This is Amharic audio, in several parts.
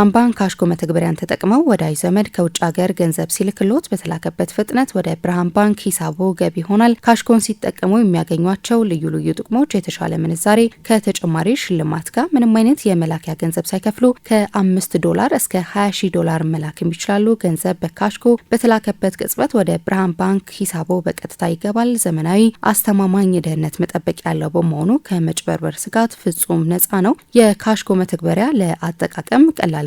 ብርሃን ባንክ ካሽኮ መተግበሪያን ተጠቅመው ወዳጅ ዘመድ ከውጭ ሀገር ገንዘብ ሲልክሎት በተላከበት ፍጥነት ወደ ብርሃን ባንክ ሂሳቦ ገቢ ይሆናል። ካሽኮን ሲጠቀሙ የሚያገኟቸው ልዩ ልዩ ጥቅሞች የተሻለ ምንዛሬ ከተጨማሪ ሽልማት ጋር ምንም አይነት የመላኪያ ገንዘብ ሳይከፍሉ ከአምስት ዶላር እስከ 20 ሺ ዶላር መላክም ይችላሉ። ገንዘብ በካሽኮ በተላከበት ቅጽበት ወደ ብርሃን ባንክ ሂሳቦ በቀጥታ ይገባል። ዘመናዊ፣ አስተማማኝ ደህንነት መጠበቅ ያለው በመሆኑ ከመጭበርበር ስጋት ፍጹም ነፃ ነው። የካሽኮ መተግበሪያ ለአጠቃቀም ቀላል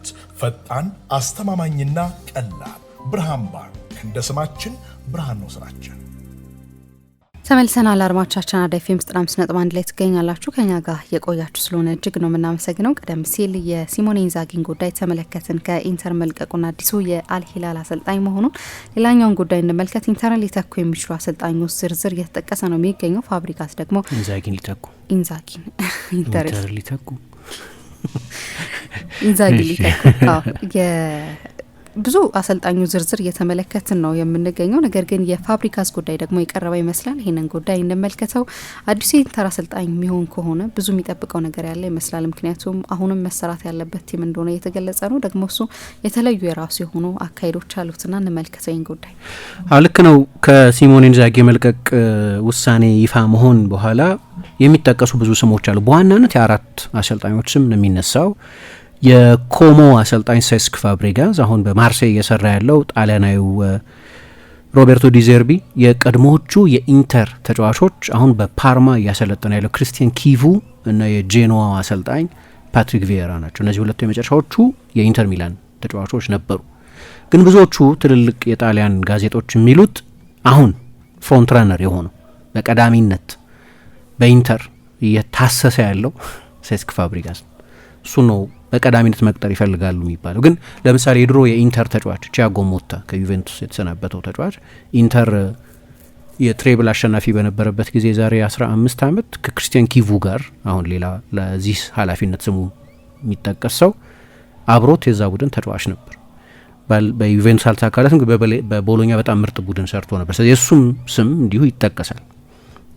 ሁለት ፈጣን አስተማማኝና ቀላል ብርሃን ባንክ። እንደ ስማችን ብርሃን ነው ስራችን። ተመልሰናል አድማጮቻችን፣ አራዳ ኤፍ ኤም ዘጠና አምስት ነጥብ አንድ ላይ ትገኛላችሁ። ከኛ ጋር የቆያችሁ ስለሆነ እጅግ ነው የምናመሰግነው። ቀደም ሲል የሲሞኔ ኢንዛጊን ጉዳይ ተመለከትን፣ ከኢንተር መልቀቁን አዲሱ የአልሂላል አሰልጣኝ መሆኑን። ሌላኛውን ጉዳይ እንመልከት። ኢንተርን ሊተኩ የሚችሉ አሰልጣኞች ዝርዝር እየተጠቀሰ ነው የሚገኘው። ፋብሪካስ ደግሞ ኢንዛጊን ሊተኩ ኢንዛጊን ኢንተር ሊተኩ ኢንዛጊ ብዙ አሰልጣኙ ዝርዝር እየተመለከትን ነው የምንገኘው። ነገር ግን የፋብሪካስ ጉዳይ ደግሞ የቀረበ ይመስላል። ይህንን ጉዳይ እንመልከተው። አዲሱ የኢንተር አሰልጣኝ የሚሆን ከሆነ ብዙ የሚጠብቀው ነገር ያለ ይመስላል። ምክንያቱም አሁንም መሰራት ያለበት ቲም እንደሆነ እየተገለጸ ነው። ደግሞ እሱ የተለዩ የራሱ የሆኑ አካሄዶች አሉትና እንመልከተው ይህን ጉዳይ። ልክ ነው። ከሲሞኔ ኢንዛጊ የመልቀቅ ውሳኔ ይፋ መሆን በኋላ የሚጠቀሱ ብዙ ስሞች አሉ። በዋናነት የአራት አሰልጣኞች ስም ነው የሚነሳው። የኮሞ አሰልጣኝ ሴስክ ፋብሪጋዝ አሁን በማርሴይ እየሰራ ያለው ጣሊያናዊው ሮቤርቶ ዲዘርቢ የቀድሞዎቹ የኢንተር ተጫዋቾች አሁን በፓርማ እያሰለጠነ ያለው ክሪስቲያን ኪቩ እና የጄኖዋ አሰልጣኝ ፓትሪክ ቪየራ ናቸው። እነዚህ ሁለቱ የመጨረሻዎቹ የኢንተር ሚላን ተጫዋቾች ነበሩ። ግን ብዙዎቹ ትልልቅ የጣሊያን ጋዜጦች የሚሉት አሁን ፍሮንት ረነር የሆነው በቀዳሚነት በኢንተር እየታሰሰ ያለው ሴስክ ፋብሪጋዝ እሱ ነው። በቀዳሚነት መቅጠር ይፈልጋሉ የሚባለው ግን ለምሳሌ የድሮ የኢንተር ተጫዋች ቲያጎ ሞታ ከዩቬንቱስ የተሰናበተው ተጫዋች ኢንተር የትሬብል አሸናፊ በነበረበት ጊዜ ዛሬ አምስት ዓመት ከክርስቲያን ኪቩ ጋር አሁን ሌላ ለዚህ ኃላፊነት ስሙ የሚጠቀስ ሰው አብሮት የዛ ቡድን ተጫዋች ነበር። በዩቬንቱስ አልተሳካለትም። በቦሎኛ በጣም ምርጥ ቡድን ሰርቶ ነበር። ስለዚህ የእሱም ስም እንዲሁ ይጠቀሳል።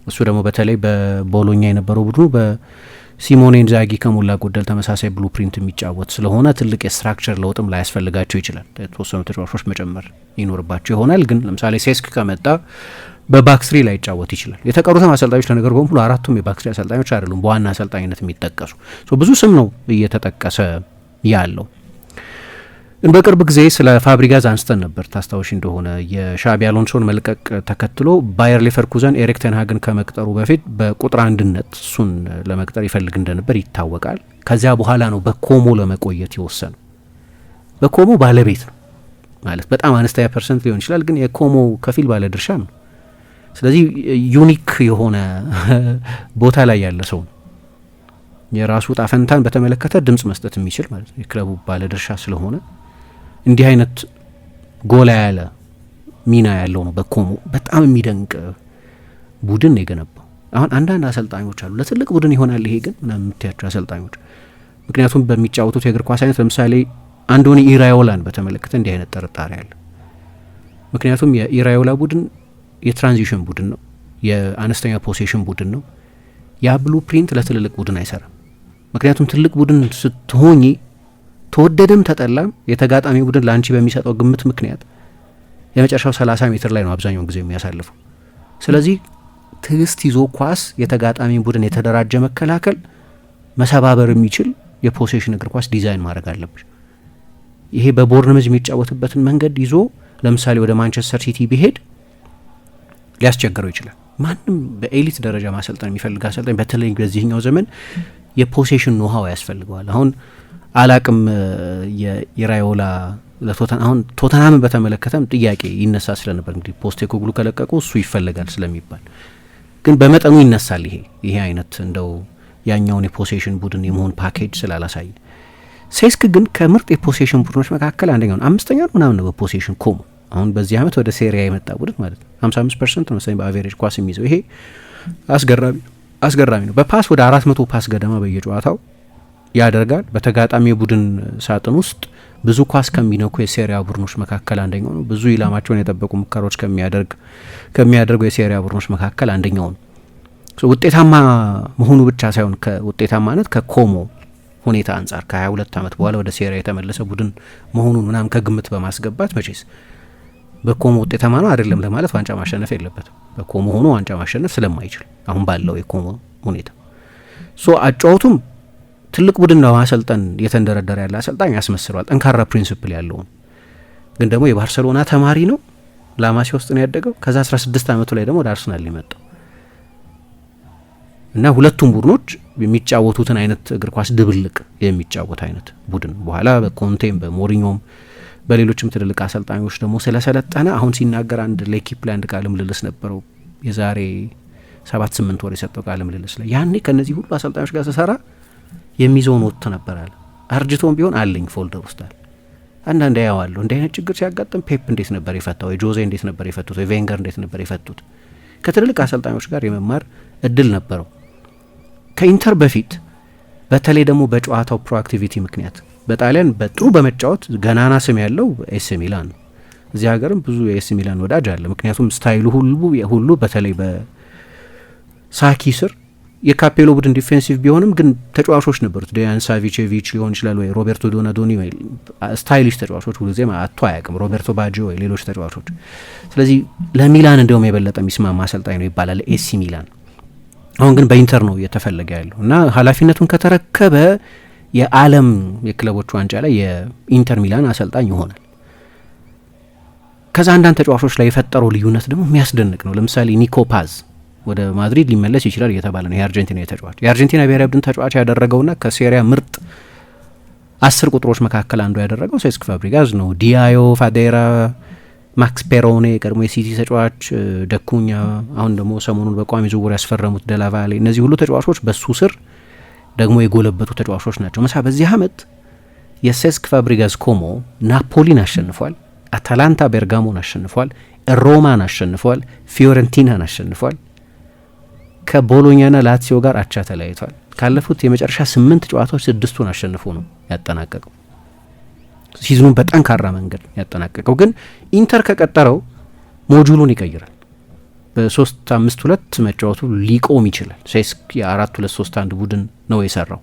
እሱ ደግሞ በተለይ በቦሎኛ የነበረው ቡድኑ ሲሞኔ ኢንዛጊ ከሞላ ጎደል ተመሳሳይ ብሉፕሪንት የሚጫወት ስለሆነ ትልቅ የስትራክቸር ለውጥም ላያስፈልጋቸው ይችላል። የተወሰኑ ተጫዋቾች መጨመር ይኖርባቸው ይሆናል። ግን ለምሳሌ ሴስክ ከመጣ በባክስሪ ላይ ይጫወት ይችላል። የተቀሩትም አሰልጣኞች ለነገር በሙሉ አራቱም የባክስሪ አሰልጣኞች አይደሉም በዋና አሰልጣኝነት የሚጠቀሱ ብዙ ስም ነው እየተጠቀሰ ያለው። በቅርብ ጊዜ ስለ ፋብሪጋዝ አንስተን ነበር። ታስታውሽ እንደሆነ የሻቢ አሎንሶን መልቀቅ ተከትሎ ባየር ሌቨርኩዘን ኤሪክ ቴንሃግን ከመቅጠሩ በፊት በቁጥር አንድነት እሱን ለመቅጠር ይፈልግ እንደነበር ይታወቃል። ከዚያ በኋላ ነው በኮሞ ለመቆየት የወሰነው። በኮሞ ባለቤት ነው ማለት በጣም አነስተኛ ፐርሰንት ሊሆን ይችላል፣ ግን የኮሞ ከፊል ባለድርሻ ነው። ስለዚህ ዩኒክ የሆነ ቦታ ላይ ያለ ሰው ነው። የራሱ ጣፈንታን በተመለከተ ድምጽ መስጠት የሚችል ማለት ነው። የክለቡ ባለድርሻ ስለሆነ እንዲህ አይነት ጎላ ያለ ሚና ያለው ነው። በኮሞ በጣም የሚደንቅ ቡድን የገነባው አሁን አንዳንድ አሰልጣኞች አሉ ለትልቅ ቡድን ይሆናል ይሄ ግን ምናምን የምትያቸው አሰልጣኞች ምክንያቱም በሚጫወቱት የእግር ኳስ አይነት ለምሳሌ አንዶኒ ኢራዮላን በተመለከተ እንዲህ አይነት ጥርጣሬ አለ። ምክንያቱም የኢራዮላ ቡድን የትራንዚሽን ቡድን ነው፣ የአነስተኛ ፖሴሽን ቡድን ነው። ያ ብሉ ፕሪንት ለትልልቅ ቡድን አይሰራም። ምክንያቱም ትልቅ ቡድን ስትሆኝ ተወደደም ተጠላም የተጋጣሚ ቡድን ለአንቺ በሚሰጠው ግምት ምክንያት የመጨረሻው 30 ሜትር ላይ ነው አብዛኛውን ጊዜ የሚያሳልፉ። ስለዚህ ትዕግስት ይዞ ኳስ የተጋጣሚ ቡድን የተደራጀ መከላከል መሰባበር የሚችል የፖሴሽን እግር ኳስ ዲዛይን ማድረግ አለብሽ። ይሄ በቦርንምዝ የሚጫወትበትን መንገድ ይዞ ለምሳሌ ወደ ማንቸስተር ሲቲ ቢሄድ ሊያስቸግረው ይችላል። ማንም በኤሊት ደረጃ ማሰልጠን የሚፈልግ አሰልጣኝ በተለይ በዚህኛው ዘመን የፖሴሽን ኖሃው ያስፈልገዋል። አሁን አላቅም የራዮላ አሁን ቶተናምን በተመለከተም ጥያቄ ይነሳ ስለነበር እንግዲህ ፖስቴኮግሉ ከለቀቁ እሱ ይፈለጋል ስለሚባል ግን በመጠኑ ይነሳል። ይሄ ይሄ አይነት እንደው ያኛውን የፖሴሽን ቡድን የመሆን ፓኬጅ ስላላሳየ ሴስክ ግን ከምርጥ የፖሴሽን ቡድኖች መካከል አንደኛው ነው። አምስተኛ ነው ምናምን ነው በፖሴሽን ኮሙ አሁን በዚህ አመት ወደ ሴሪያ የመጣ ቡድን ማለት ነው። ሀምሳ አምስት ፐርሰንት ነው መሰለኝ በአቬሬጅ ኳስ የሚይዘው ይሄ አስገራሚ አስገራሚ ነው። በፓስ ወደ አራት መቶ ፓስ ገደማ በየጨዋታው ያደርጋል። በተጋጣሚ የቡድን ሳጥን ውስጥ ብዙ ኳስ ከሚነኩ የሴሪያ ቡድኖች መካከል አንደኛው ነው። ብዙ ኢላማቸውን የጠበቁ ሙከራዎች ከሚያደርግ ከሚያደርጉ የሴሪያ ቡድኖች መካከል አንደኛው ነው። ውጤታማ መሆኑ ብቻ ሳይሆን ከውጤታማነት ከኮሞ ሁኔታ አንጻር ከ22 ዓመት በኋላ ወደ ሴሪያ የተመለሰ ቡድን መሆኑን ምናምን ከግምት በማስገባት መቼስ በኮሞ ውጤታማ ነው አይደለም ለማለት ዋንጫ ማሸነፍ የለበትም። በኮሞ ሆኖ ዋንጫ ማሸነፍ ስለማይችል አሁን ባለው የኮሞ ሁኔታ ሶ አጫወቱም ትልቅ ቡድን ለማሰልጠን የተንደረደረ ያለ አሰልጣኝ ያስመስሏል። ጠንካራ ፕሪንስፕል ያለውም ግን ደግሞ የባርሰሎና ተማሪ ነው። ላማሲያ ውስጥ ነው ያደገው። ከዛ 16 ዓመቱ ላይ ደግሞ ወደ አርሰናል የመጣው እና ሁለቱም ቡድኖች የሚጫወቱትን አይነት እግር ኳስ ድብልቅ የሚጫወት አይነት ቡድን በኋላ በኮንቴም በሞሪኞም በሌሎችም ትልልቅ አሰልጣኞች ደግሞ ስለሰለጠነ አሁን ሲናገር አንድ ለኪፕ ላይ አንድ ቃለ ምልልስ ነበረው የዛሬ ሰባት ስምንት ወር የሰጠው ቃለ ምልልስ ላይ ያኔ ከእነዚህ ሁሉ አሰልጣኞች ጋር ስሰራ የሚዞን ወጥቶ ነበር አለ። አርጅቶም ቢሆን አለኝ ፎልደር ውስጥ አለ። አንዳንድ ያየዋለሁ። እንዲህ አይነት ችግር ሲያጋጥም ፔፕ እንዴት ነበር የፈታው? ጆዜ እንዴት ነበር የፈቱት? ቬንገር እንዴት ነበር የፈቱት? ከትልልቅ አሰልጣኞች ጋር የመማር እድል ነበረው። ከኢንተር በፊት በተለይ ደግሞ በጨዋታው ፕሮአክቲቪቲ ምክንያት በጣሊያን በጥሩ በመጫወት ገናና ስም ያለው ኤሲ ሚላን ነው። እዚህ ሀገርም ብዙ የኤሲ ሚላን ወዳጅ አለ። ምክንያቱም ስታይሉ ሁሉ ሁሉ በተለይ በሳኪ ስር የካፔሎ ቡድን ዲፌንሲቭ ቢሆንም ግን ተጫዋቾች ነበሩት። ዲያን ሳቪቼቪች ሊሆን ይችላል ወይ ሮቤርቶ ዶናዶኒ ወይ ስታይሊሽ ተጫዋቾች ሁልጊዜም አቶ አያውቅም። ሮቤርቶ ባጆ ወይ ሌሎች ተጫዋቾች። ስለዚህ ለሚላን እንደውም የበለጠ የሚስማማ አሰልጣኝ ነው ይባላል ኤሲ ሚላን። አሁን ግን በኢንተር ነው እየተፈለገ ያለው እና ኃላፊነቱን ከተረከበ የዓለም የክለቦች ዋንጫ ላይ የኢንተር ሚላን አሰልጣኝ ይሆናል። ከዛ አንዳንድ ተጫዋቾች ላይ የፈጠረው ልዩነት ደግሞ የሚያስደንቅ ነው። ለምሳሌ ኒኮ ፓዝ ወደ ማድሪድ ሊመለስ ይችላል እየተባለ ነው። የአርጀንቲና ተጫዋች የአርጀንቲና ብሔራዊ ቡድን ተጫዋች ያደረገውና ከሴሪያ ምርጥ አስር ቁጥሮች መካከል አንዱ ያደረገው ሴስክ ፋብሪጋዝ ነው። ዲያዮ ፋዴራ፣ ማክስ ፔሮኔ የቀድሞ የሲቲ ተጫዋች ደኩኛ፣ አሁን ደግሞ ሰሞኑን በቋሚ ዝውውር ያስፈረሙት ደላቫሌ፣ እነዚህ ሁሉ ተጫዋቾች በሱ ስር ደግሞ የጎለበቱ ተጫዋቾች ናቸው። መሳ በዚህ አመት የሴስክ ፋብሪጋዝ ኮሞ ናፖሊን አሸንፏል። አታላንታ ቤርጋሞን አሸንፏል። ሮማን አሸንፏል። ፊዮረንቲናን አሸንፏል። ከቦሎኛና ላትሲዮ ጋር አቻ ተለያይቷል። ካለፉት የመጨረሻ ስምንት ጨዋታዎች ስድስቱን አሸንፎ ነው ያጠናቀቀው። ሲዝኑን በጠንካራ መንገድ ያጠናቀቀው ግን ኢንተር ከቀጠረው ሞጁሉን ይቀይራል። በሶስት አምስት ሁለት መጫወቱ ሊቆም ይችላል። ሴስክ የአራት ሁለት ሶስት አንድ ቡድን ነው የሰራው።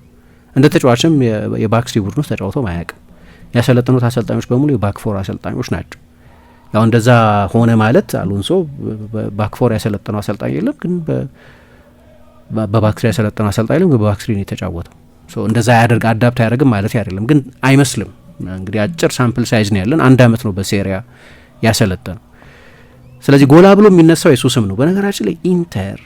እንደ ተጫዋችም የባክስሪ ቡድን ውስጥ ተጫውተው አያውቅም። ያሰለጠኑት አሰልጣኞች በሙሉ የባክፎር አሰልጣኞች ናቸው። ያው እንደዛ ሆነ ማለት አሎንሶ ባክፎር ያሰለጠነው አሰልጣኝ የለም ግን በባክትሪ ያሰለጠነ አሰልጣኝ ለም ግን በባክትሪ ነው የተጫወተው። እንደዛ ያደርግ አዳፕት አያደርግም ማለት አይደለም፣ ግን አይመስልም። እንግዲህ አጭር ሳምፕል ሳይዝ ነው ያለን። አንድ አመት ነው በሴሪያ ያሰለጠነው። ስለዚህ ጎላ ብሎ የሚነሳው የሱ ስም ነው። በነገራችን ላይ ኢንተር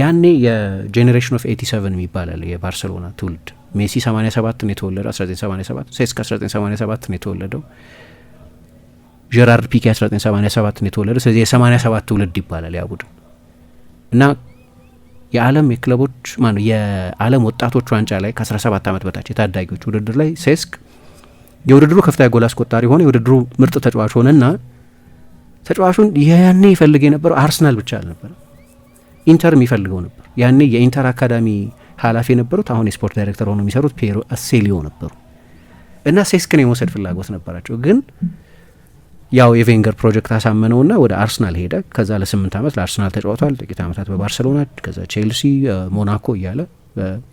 ያኔ የጄኔሬሽን ኦፍ 87 የሚባላል የባርሰሎና ትውልድ ሜሲ 87 ነው የተወለደው 1987 ሴስክ 1987 ነው የተወለደው ጀራርድ ፒኬ 1987 ነው የተወለደው። ስለዚህ የ87 ትውልድ ይባላል ያ ቡድን እና የዓለም የክለቦች ማ የዓለም ወጣቶች ዋንጫ ላይ ከ17 ዓመት በታች የታዳጊዎች ውድድር ላይ ሴስክ የውድድሩ ከፍተኛ ጎል አስቆጣሪ ሆነ። የውድድሩ ምርጥ ተጫዋች ሆነና ተጫዋቹን ያኔ ይፈልግ የነበረው አርሰናል ብቻ አልነበረ፣ ኢንተር የሚፈልገው ነበር። ያኔ የኢንተር አካዳሚ ኃላፊ የነበሩት አሁን የስፖርት ዳይሬክተር ሆነው የሚሰሩት ፔሮ አሴሊዮ ነበሩ እና ሴስክን የመውሰድ ፍላጎት ነበራቸው ግን ያው የቬንገር ፕሮጀክት አሳመነውና ወደ አርሰናል ሄደ። ከዛ ለስምንት ዓመት ለአርሰናል ተጫውቷል። ጥቂት ዓመታት በባርሰሎና፣ ከዛ ቼልሲ፣ ሞናኮ እያለ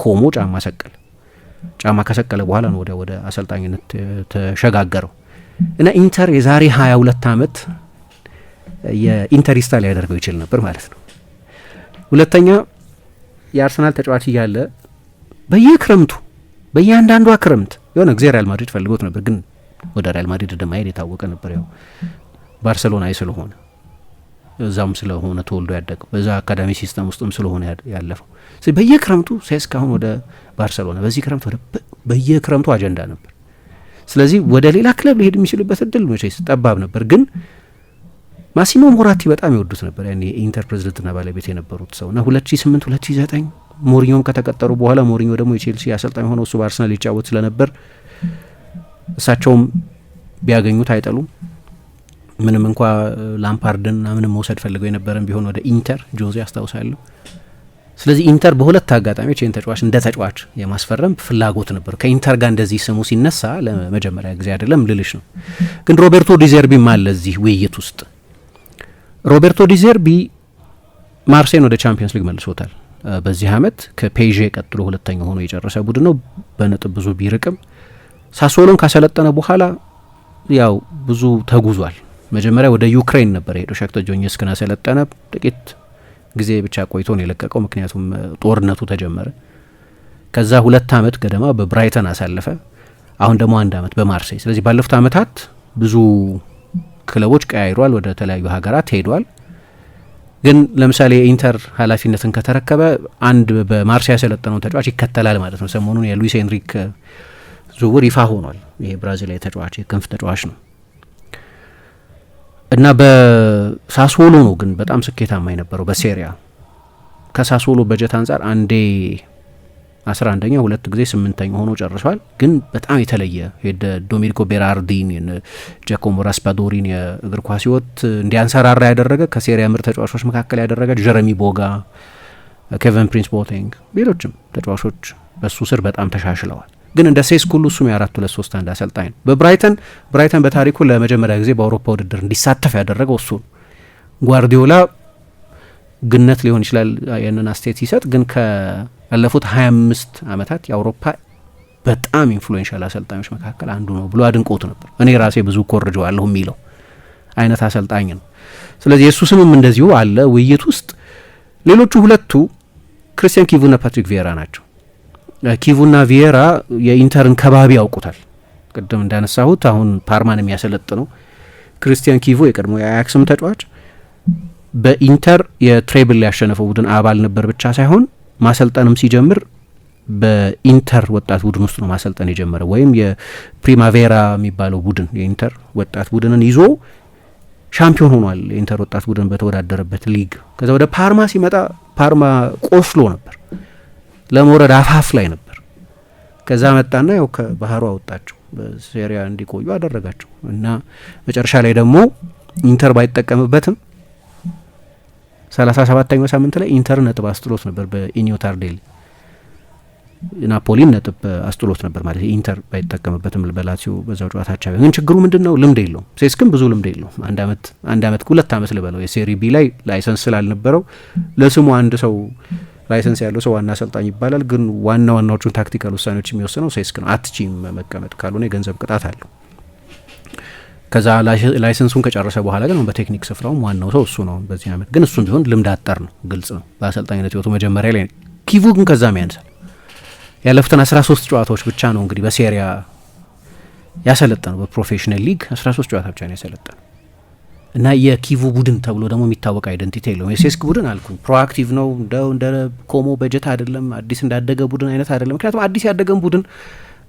ኮሞ ጫማ ሰቀለ። ጫማ ከሰቀለ በኋላ ነው ወደ ወደ አሰልጣኝነት ተሸጋገረው እና ኢንተር የዛሬ ሀያ2ለት ሁለት ዓመት የኢንተሪስታ ሊያደርገው ይችል ነበር ማለት ነው። ሁለተኛ የአርሰናል ተጫዋች እያለ በየክረምቱ በእያንዳንዷ ክረምት የሆነ ጊዜ ሪያል ማድሪድ ፈልጎት ነበር ግን ወደ ሪያል ማድሪድ እንደማሄድ የታወቀ ነበር። ያው ባርሰሎናዊ ስለሆነ እዛም ስለሆነ ተወልዶ ያደገው በዛ አካዳሚ ሲስተም ውስጥም ስለሆነ ያለፈው በየክረምቱ ሴስክ አሁን ወደ ባርሰሎና በዚህ ክረምት ወደ በየክረምቱ አጀንዳ ነበር። ስለዚህ ወደ ሌላ ክለብ ሊሄድ የሚችልበት እድል መቼስ ጠባብ ነበር። ግን ማሲሞ ሞራቲ በጣም ይወዱት ነበር ያኔ የኢንተር ፕሬዝደንትና ባለቤት የነበሩት ሰው እና ሺ ዘጠኝ ሞሪኞም ከተቀጠሩ በኋላ ሞሪኞ ደግሞ የቼልሲ አሰልጣኝ ሆነው እሱ በአርሰናል ይጫወት ስለነበር እሳቸውም ቢያገኙት አይጠሉም። ምንም እንኳ ላምፓርድን ምንም መውሰድ ፈልገው የነበረን ቢሆን ወደ ኢንተር ጆዜ አስታውሳለሁ። ስለዚህ ኢንተር በሁለት አጋጣሚዎች ይህን ተጫዋች እንደ ተጫዋች የማስፈረም ፍላጎት ነበር። ከኢንተር ጋር እንደዚህ ስሙ ሲነሳ ለመጀመሪያ ጊዜ አይደለም ልልሽ ነው። ግን ሮቤርቶ ዲዜርቢም አለ እዚህ ውይይት ውስጥ። ሮቤርቶ ዲዘርቢ ማርሴን ወደ ቻምፒየንስ ሊግ መልሶታል። በዚህ አመት ከፔዤ ቀጥሎ ሁለተኛ ሆኖ የጨረሰ ቡድን ነው። በነጥብ ብዙ ቢርቅም ሳሶሎን ካሰለጠነ በኋላ ያው ብዙ ተጉዟል። መጀመሪያ ወደ ዩክሬን ነበር ሄዶ ሻክተር ዶኔትስክን አሰለጠነ። ጥቂት ጊዜ ብቻ ቆይቶ ነው የለቀቀው፣ ምክንያቱም ጦርነቱ ተጀመረ። ከዛ ሁለት አመት ገደማ በብራይተን አሳለፈ። አሁን ደግሞ አንድ አመት በማርሴይ። ስለዚህ ባለፉት አመታት ብዙ ክለቦች ቀያይሯል፣ ወደ ተለያዩ ሀገራት ሄዷል። ግን ለምሳሌ የኢንተር ኃላፊነትን ከተረከበ አንድ በማርሴይ ያሰለጠነውን ተጫዋች ይከተላል ማለት ነው። ሰሞኑን የሉዊስ ኤንሪክ ዝውውር ይፋ ሆኗል። ይሄ ብራዚላዊ ተጫዋች የክንፍ ተጫዋች ነው እና በሳሶሎ ነው ግን በጣም ስኬታማ የነበረው በሴሪያ ከሳሶሎ በጀት አንጻር አንዴ አስራ አንደኛ ሁለት ጊዜ ስምንተኛ ሆኖ ጨርሷል። ግን በጣም የተለየ ዶሚኒኮ ቤራርዲን ጃኮሞ ራስፓዶሪን የእግር ኳስ ህይወት እንዲያንሰራራ ያደረገ ከሴሪያ ምርጥ ተጫዋቾች መካከል ያደረገ ጀረሚ ቦጋ፣ ኬቨን ፕሪንስ ቦቲንግ፣ ሌሎችም ተጫዋቾች በሱ ስር በጣም ተሻሽለዋል። ግን እንደ ሴስክ ሁሉ እሱም የአራት ሁለት ሶስት አንድ አሰልጣኝ ነው። በብራይተን ብራይተን በታሪኩ ለመጀመሪያ ጊዜ በአውሮፓ ውድድር እንዲሳተፍ ያደረገው እሱ ነው። ጓርዲዮላ ግነት ሊሆን ይችላል ያንን አስተያየት ሲሰጥ፣ ግን ከለፉት ሀያ አምስት አመታት የአውሮፓ በጣም ኢንፍሉዌንሻል አሰልጣኞች መካከል አንዱ ነው ብሎ አድንቆት ነበር። እኔ ራሴ ብዙ ኮርጀዋለሁ የሚለው አይነት አሰልጣኝ ነው። ስለዚህ የእሱ ስምም እንደዚሁ አለ ውይይት ውስጥ። ሌሎቹ ሁለቱ ክርስቲያን ኪቩና ፓትሪክ ቪዬራ ናቸው። ኪቡና ቪየራ የኢንተርን ከባቢ ያውቁታል። ቅድም እንዳነሳሁት አሁን ፓርማን የሚያሰለጥነው ክርስቲያን ኪቮ የቀድሞ የአያክስም ተጫዋች በኢንተር የትሬብል ያሸነፈው ቡድን አባል ነበር ብቻ ሳይሆን ማሰልጠንም ሲጀምር በኢንተር ወጣት ቡድን ውስጥ ነው ማሰልጠን የጀመረ ወይም የፕሪማቬራ የሚባለው ቡድን የኢንተር ወጣት ቡድንን ይዞ ሻምፒዮን ሆኗል። የኢንተር ወጣት ቡድን በተወዳደረበት ሊግ። ከዛ ወደ ፓርማ ሲመጣ ፓርማ ቆስሎ ነበር። ለመውረድ አፋፍ ላይ ነበር። ከዛ መጣና ያው ከባህሩ አወጣቸው፣ በሴሪያ እንዲቆዩ አደረጋቸው እና መጨረሻ ላይ ደግሞ ኢንተር ባይጠቀምበትም ሰላሳ ሰባተኛው ሳምንት ላይ ኢንተር ነጥብ አስጥሎት ነበር በኢኒዮ ታርዴሊ ናፖሊን ነጥብ አስጥሎት ነበር ማለት ኢንተር ባይጠቀምበትም በላሲዮ በዛው ጨዋታቻ ግን ችግሩ ምንድን ነው? ልምድ የለውም። ሴስክም ብዙ ልምድ የለውም። አንድ አመት አንድ አመት ሁለት አመት ልበለው የሴሪ ቢ ላይ ላይሰንስ ስላልነበረው ለስሙ አንድ ሰው ላይሰንስ ያለው ሰው ዋና አሰልጣኝ ይባላል። ግን ዋና ዋናዎቹን ታክቲካል ውሳኔዎች የሚወስነው ሴስክ ነው። አትቺም መቀመጥ ካልሆነ የገንዘብ ቅጣት አለው። ከዛ ላይሰንሱን ከጨረሰ በኋላ ግን በቴክኒክ ስፍራውም ዋናው ሰው እሱ ነው። በዚህ አመት ግን እሱም ቢሆን ልምድ አጠር ነው፣ ግልጽ ነው። በአሰልጣኝነት ህይወቱ መጀመሪያ ላይ ኪቩ ግን ከዛም ያንሳል። ያለፉትን 13 ጨዋታዎች ብቻ ነው እንግዲህ በሴሪያ ያሰለጠነው። በፕሮፌሽናል ሊግ 13 ጨዋታ ብቻ ነው ያሰለጠነው። እና የኪቩ ቡድን ተብሎ ደግሞ የሚታወቅ አይደንቲቲ የለውም። የሴስክ ቡድን አልኩ ፕሮአክቲቭ ነው። እንደው እንደ ኮሞ በጀት አይደለም፣ አዲስ እንዳደገ ቡድን አይነት አይደለም። ምክንያቱም አዲስ ያደገን ቡድን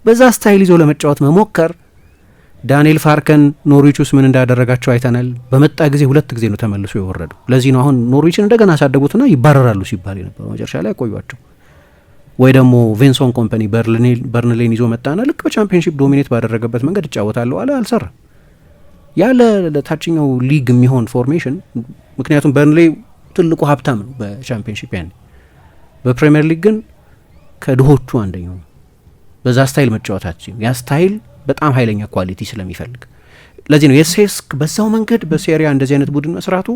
በዛ ስታይል ይዞ ለመጫወት መሞከር ዳንኤል ፋርከን ኖርዊች ውስጥ ምን እንዳደረጋቸው አይተናል። በመጣ ጊዜ ሁለት ጊዜ ነው ተመልሶ የወረዱ። ለዚህ ነው አሁን ኖርዊችን እንደገና ያሳደጉትና ይባረራሉ ሲባል የነበረ መጨረሻ ላይ ያቆዩቸው ወይ ደግሞ ቬንሶን ኮምፓኒ በርንሌን ይዞ መጣና ልክ በቻምፒዮንሺፕ ዶሚኔት ባደረገበት መንገድ እጫወታለሁ አለ፣ አልሰራ ያለ ለታችኛው ሊግ የሚሆን ፎርሜሽን ምክንያቱም በርንሌ ትልቁ ሀብታም ነው በቻምፒዮንሺፕ ያኔ በፕሪምየር ሊግ ግን ከድሆቹ አንደኛው ነው። በዛ ስታይል መጫወታት ያ ስታይል በጣም ኃይለኛ ኳሊቲ ስለሚፈልግ ለዚህ ነው የሴስክ በዛው መንገድ በሴሪያ እንደዚህ አይነት ቡድን መስራቱ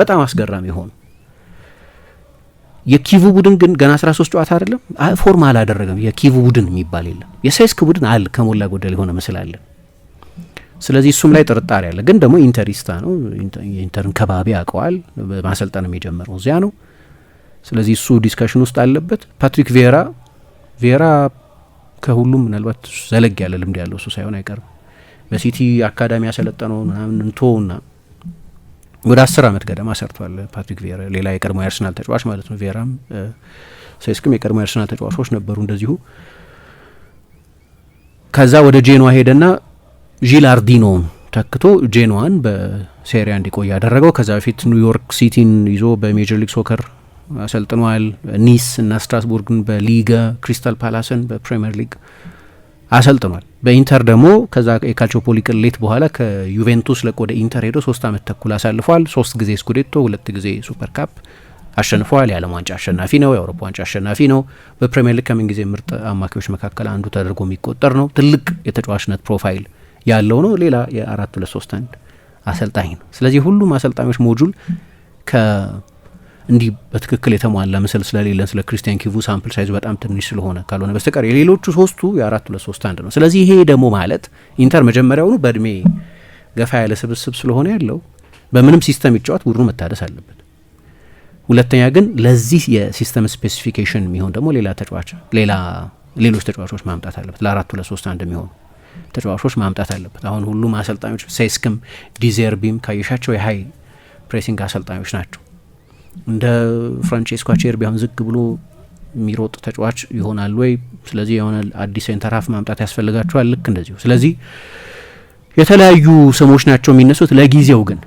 በጣም አስገራሚ የሆኑ የኪቩ ቡድን ግን ገና 13 ጨዋታ አይደለም ፎርም አላደረገም። የኪቩ ቡድን የሚባል የለም። የሴስክ ቡድን አል ከሞላ ጎደል የሆነ ምስል አለን። ስለዚህ እሱም ላይ ጥርጣሬ አለ። ግን ደግሞ ኢንተሪስታ ነው። የኢንተርን ከባቢ ያውቀዋል። ማሰልጠንም የጀመረው እዚያ ነው። ስለዚህ እሱ ዲስካሽን ውስጥ አለበት። ፓትሪክ ቪዬራ ቪዬራ ከሁሉም ምናልባት ዘለግ ያለ ልምድ ያለው እሱ ሳይሆን አይቀርም። በሲቲ አካዳሚ ያሰለጠነው ምናምን እንቶና ወደ አስር አመት ገደማ ሰርቷል ፓትሪክ ቪዬራ። ሌላ የቀድሞ የአርሰናል ተጫዋች ማለት ነው። ቪዬራም ሴስክም የቀድሞ የአርሰናል ተጫዋቾች ነበሩ እንደዚሁ። ከዛ ወደ ጄኗ ሄደና ዢላርዲኖን ተክቶ ጄኖዋን በሴሪያ እንዲቆይ ያደረገው ከዛ በፊት ኒውዮርክ ሲቲን ይዞ በሜጀር ሊግ ሶከር አሰልጥኗል። ኒስ እና ስትራስቡርግን በሊገ ክሪስታል ፓላስን በፕሪምየር ሊግ አሰልጥኗል። በኢንተር ደግሞ ከዛ የካልቾፖሊ ቅሌት በኋላ ከዩቬንቱስ ለቅ ወደ ኢንተር ሄዶ ሶስት አመት ተኩል አሳልፏል። ሶስት ጊዜ ስኩዴቶ፣ ሁለት ጊዜ ሱፐር ካፕ አሸንፈዋል። የዓለም ዋንጫ አሸናፊ ነው። የአውሮፓ ዋንጫ አሸናፊ ነው። በፕሪምየር ሊግ ከምን ጊዜ ምርጥ አማካዮች መካከል አንዱ ተደርጎ የሚቆጠር ነው። ትልቅ የተጫዋችነት ፕሮፋይል ያለው ነው። ሌላ የአራት ሁለት ሶስት አንድ አሰልጣኝ ነው። ስለዚህ ሁሉም አሰልጣኞች ሞጁል ከ እንዲህ በትክክል የተሟላ ምስል ስለሌለን ስለ ክሪስቲያን ኪቩ ሳምፕል ሳይዝ በጣም ትንሽ ስለሆነ ካልሆነ በስተቀር የሌሎቹ ሶስቱ የአራት ሁለት ሶስት አንድ ነው። ስለዚህ ይሄ ደግሞ ማለት ኢንተር መጀመሪያውኑ በእድሜ ገፋ ያለ ስብስብ ስለሆነ ያለው በምንም ሲስተም ይጫወት ቡድኑ መታደስ አለበት። ሁለተኛ ግን ለዚህ የሲስተም ስፔሲፊኬሽን የሚሆን ደግሞ ሌላ ተጫዋች ሌላ ሌሎች ተጫዋቾች ማምጣት አለበት ለአራት ሁለት ሶስት አንድ የሚሆኑ ተጫዋቾች ማምጣት አለበት። አሁን ሁሉም አሰልጣኞች ሴስክም ዲዘርቢም ካየሻቸው የሀይ ፕሬሲንግ አሰልጣኞች ናቸው። እንደ ፍራንቼስኮ ቼርቢ አሁን ዝግ ብሎ የሚሮጥ ተጫዋች ይሆናል ወይ? ስለዚህ የሆነ አዲስ ሴንተራፍ ማምጣት ያስፈልጋቸዋል። ልክ እንደዚሁ። ስለዚህ የተለያዩ ስሞች ናቸው የሚነሱት። ለጊዜው ግን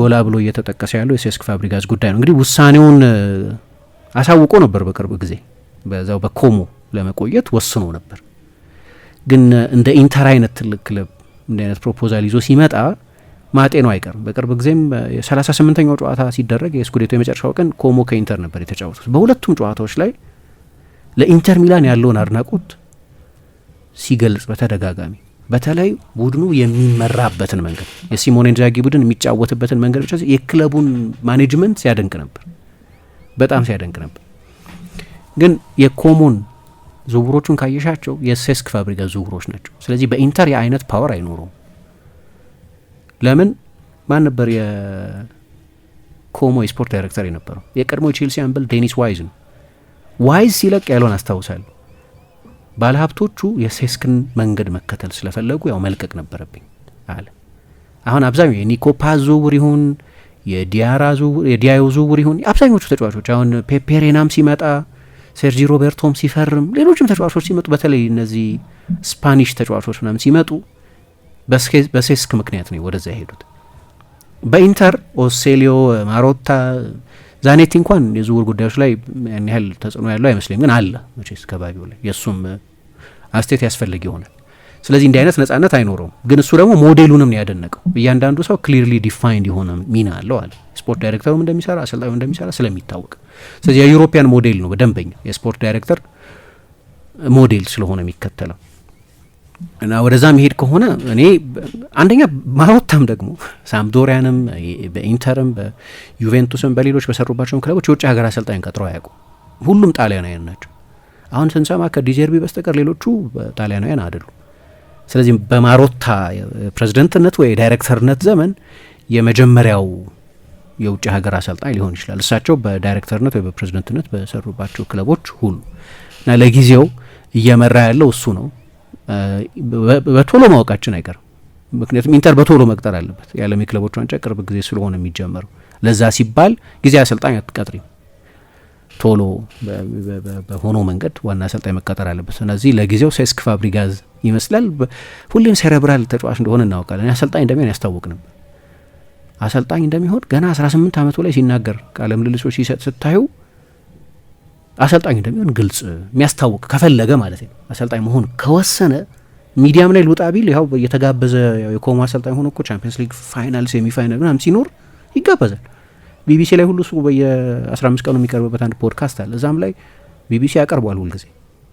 ጎላ ብሎ እየተጠቀሰ ያለው የሴስክ ፋብሪጋዝ ጉዳይ ነው። እንግዲህ ውሳኔውን አሳውቆ ነበር በቅርብ ጊዜ በዛው በኮሞ ለመቆየት ወስኖ ነበር። ግን እንደ ኢንተር አይነት ትልቅ ክለብ እንደ አይነት ፕሮፖዛል ይዞ ሲመጣ ማጤኑ አይቀርም። በቅርብ ጊዜም የሰላሳ ስምንተኛው ጨዋታ ሲደረግ የስኩዴቶ የመጨረሻው ቀን ኮሞ ከኢንተር ነበር የተጫወቱት። በሁለቱም ጨዋታዎች ላይ ለኢንተር ሚላን ያለውን አድናቆት ሲገልጽ በተደጋጋሚ በተለይ ቡድኑ የሚመራበትን መንገድ የሲሞኔ ኢንዛጊ ቡድን የሚጫወትበትን መንገድ ብቻ የክለቡን ማኔጅመንት ሲያደንቅ ነበር፣ በጣም ሲያደንቅ ነበር። ግን የኮሞን ዝውውሮቹን ካየሻቸው የሴስክ ፋብሪጋ ዝውውሮች ናቸው። ስለዚህ በኢንተር የአይነት ፓወር አይኖሩም። ለምን ማን ነበር የኮሞ የስፖርት ዳይሬክተር የነበረው? የቀድሞ ቼልሲ አምበል ዴኒስ ዋይዝ ነው። ዋይዝ ሲለቅ ያለውን አስታውሳለሁ። ባለሀብቶቹ የሴስክን መንገድ መከተል ስለፈለጉ ያው መልቀቅ ነበረብኝ አለ። አሁን አብዛኛው የኒኮፓ ዝውውር ይሁን የዲያራ ዝውውር የዲያዮ ዝውውር ይሁን አብዛኞቹ ተጫዋቾች አሁን ፔፔሬናም ሲመጣ ሴርጂ ሮቤርቶም ሲፈርም፣ ሌሎችም ተጫዋቾች ሲመጡ፣ በተለይ እነዚህ ስፓኒሽ ተጫዋቾች ምናምን ሲመጡ በሴስክ ምክንያት ነው ወደዛ የሄዱት። በኢንተር ኦሴሊዮ፣ ማሮታ፣ ዛኔቲ እንኳን የዝውውር ጉዳዮች ላይ ያን ያህል ተጽዕኖ ያለው አይመስለኝም፣ ግን አለ መቼስ ከባቢው ላይ የእሱም አስቴት ያስፈልግ ይሆናል። ስለዚህ እንዲህ አይነት ነጻነት አይኖረውም። ግን እሱ ደግሞ ሞዴሉንም ነው ያደነቀው። እያንዳንዱ ሰው ክሊርሊ ዲፋይንድ የሆነ ሚና አለው አለ። ስፖርት ዳይሬክተሩም እንደሚሰራ አሰልጣኙ እንደሚሰራ ስለሚታወቅ፣ ስለዚህ የዩሮፒያን ሞዴል ነው በደንበኛ የስፖርት ዳይሬክተር ሞዴል ስለሆነ የሚከተለው እና ወደዛ መሄድ ከሆነ እኔ አንደኛ ማሮታም ደግሞ ሳምፕዶሪያንም በኢንተርም በዩቬንቱስም በሌሎች በሰሩባቸውም ክለቦች የውጭ ሀገር አሰልጣኝ ቀጥሮ አያውቁ። ሁሉም ጣሊያናውያን ናቸው። አሁን ስንሰማ ከዲጀርቢ በስተቀር ሌሎቹ ጣሊያናውያን አይደሉም። ስለዚህ በማሮታ ፕሬዝደንትነት ወይ ዳይሬክተርነት ዘመን የመጀመሪያው የውጭ ሀገር አሰልጣኝ ሊሆን ይችላል። እሳቸው በዳይሬክተርነት ወይ በፕሬዝደንትነት በሰሩባቸው ክለቦች ሁሉ እና ለጊዜው እየመራ ያለው እሱ ነው። በቶሎ ማወቃችን አይቀርም። ምክንያቱም ኢንተር በቶሎ መቅጠር አለበት። የዓለም የክለቦች ዋንጫ ቅርብ ጊዜ ስለሆነ የሚጀመረው፣ ለዛ ሲባል ጊዜ አሰልጣኝ አትቀጥሪም። ቶሎ በሆኖ መንገድ ዋና አሰልጣኝ መቀጠር አለበት። ስለዚህ ለጊዜው ሴስክ ፋብሪጋዝ ይመስላል። ሁሌም ሴረብራል ተጫዋች እንደሆነ እናውቃለን። አሰልጣኝ እንደሚሆን ያስታውቅ ነበር። አሰልጣኝ እንደሚሆን ገና 18 ዓመቱ ላይ ሲናገር ቃለ ምልልሶች ሲሰጥ ስታዩ አሰልጣኝ እንደሚሆን ግልጽ የሚያስታውቅ ከፈለገ ማለት ነው። አሰልጣኝ መሆን ከወሰነ ሚዲያም ላይ ልውጣ ቢል ያው እየተጋበዘ የኮሞ አሰልጣኝ ሆኖ እኮ ቻምፒየንስ ሊግ ፋይናል፣ ሴሚፋይናል ምናምን ሲኖር ይጋበዛል። ቢቢሲ ላይ ሁሉ እሱ በየ15 ቀኑ የሚቀርብበት አንድ ፖድካስት አለ። እዛም ላይ ቢቢሲ ያቀርቧል ሁልጊዜ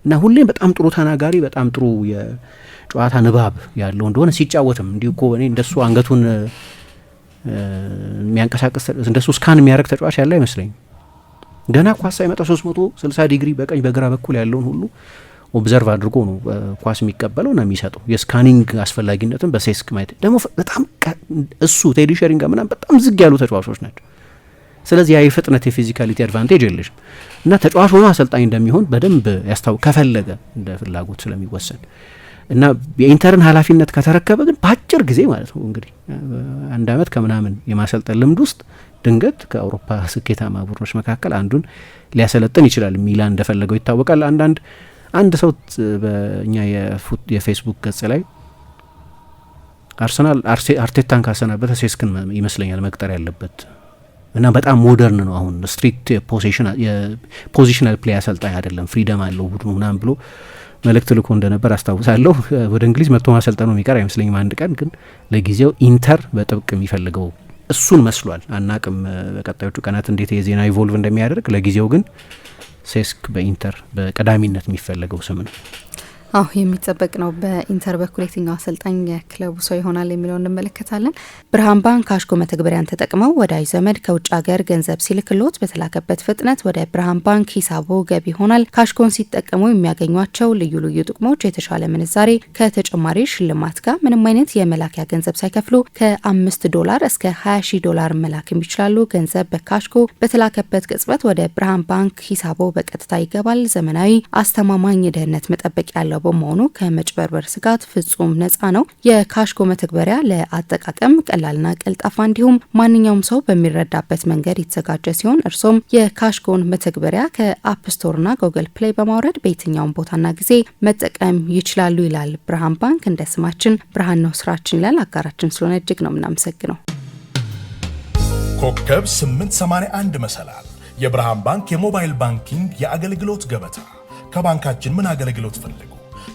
እና ሁሌም በጣም ጥሩ ተናጋሪ፣ በጣም ጥሩ የጨዋታ ንባብ ያለው እንደሆነ ሲጫወትም እንዲሁ እኮ እኔ እንደሱ አንገቱን የሚያንቀሳቀስ እንደሱ ስካን የሚያደርግ ተጫዋች ያለ አይመስለኝም። ገና ኳስ ሳይመጣ 360 ዲግሪ በቀኝ በግራ በኩል ያለውን ሁሉ ኦብዘርቭ አድርጎ ነው ኳስ የሚቀበለው ና የሚሰጠው። የስካኒንግ አስፈላጊነትን በሴስክ ማየት ደግሞ በጣም እሱ ቴዲ ሸሪንጋ ምናምን በጣም ዝግ ያሉ ተጫዋቾች ናቸው። ስለዚህ ያ የፍጥነት የፊዚካሊቲ አድቫንቴጅ የለሽም እና ተጫዋች ሆኖ አሰልጣኝ እንደሚሆን በደንብ ያስታው ከፈለገ እንደ ፍላጎት ስለሚወሰን እና የኢንተርን ኃላፊነት ከተረከበ ግን በአጭር ጊዜ ማለት ነው እንግዲህ አንድ አመት ከምናምን የማሰልጠን ልምድ ውስጥ ድንገት ከአውሮፓ ስኬታማ ቡድኖች መካከል አንዱን ሊያሰለጥን ይችላል። ሚላን እንደፈለገው ይታወቃል። አንዳንድ አንድ ሰው በእኛ የፌስቡክ ገጽ ላይ አርሰናል አርቴታን ካሰናበተ ሴስክን ይመስለኛል መቅጠር ያለበት እና በጣም ሞደርን ነው። አሁን ስትሪክት ፖዚሽናል ፕሌይ አሰልጣኝ አይደለም፣ ፍሪደም አለው ቡድኑ ምናምን ብሎ መልእክት ልኮ እንደነበር አስታውሳለሁ። ወደ እንግሊዝ መጥቶ ማሰልጠኑ የሚቀር አይመስለኝም አንድ ቀን። ግን ለጊዜው ኢንተር በጥብቅ የሚፈልገው እሱን መስሏል። አናቅም በቀጣዮቹ ቀናት እንዴት የዜና ኢቮልቭ እንደሚያደርግ። ለጊዜው ግን ሴስክ በኢንተር በቀዳሚነት የሚፈለገው ስም ነው። አሁ የሚጠበቅ ነው። በኢንተር በኩል የትኛው አሰልጣኝ የክለቡ ሰው ይሆናል የሚለው እንመለከታለን። ብርሃን ባንክ ካሽኮ መተግበሪያን ተጠቅመው ወዳጅ ዘመድ ከውጭ ሀገር ገንዘብ ሲልክሎት በተላከበት ፍጥነት ወደ ብርሃን ባንክ ሂሳቦ ገቢ ይሆናል። ካሽጎን ሲጠቀሙ የሚያገኟቸው ልዩ ልዩ ጥቅሞች የተሻለ ምንዛሬ ከተጨማሪ ሽልማት ጋር ምንም አይነት የመላኪያ ገንዘብ ሳይከፍሉ ከአምስት ዶላር እስከ ሀያ ሺ ዶላር መላክም ይችላሉ። ገንዘብ በካሽጎ በተላከበት ቅጽበት ወደ ብርሃን ባንክ ሂሳቦ በቀጥታ ይገባል። ዘመናዊ፣ አስተማማኝ ደህንነት መጠበቅ ያለው በመሆኑ ከመጭበርበር ስጋት ፍጹም ነፃ ነው። የካሽጎ መተግበሪያ ለአጠቃቀም ቀላልና ቀልጣፋ እንዲሁም ማንኛውም ሰው በሚረዳበት መንገድ የተዘጋጀ ሲሆን እርሶም የካሽጎን መተግበሪያ ከአፕስቶርና ስቶርና ጎግል ፕሌይ በማውረድ በየትኛውም ቦታና ጊዜ መጠቀም ይችላሉ ይላል ብርሃን ባንክ። እንደ ስማችን ብርሃን ነው ስራችን ይላል። አጋራችን ስለሆነ እጅግ ነው የምናመሰግነው። ኮከብ 881 መሰላል የብርሃን ባንክ የሞባይል ባንኪንግ የአገልግሎት ገበታ። ከባንካችን ምን አገልግሎት ፈልግ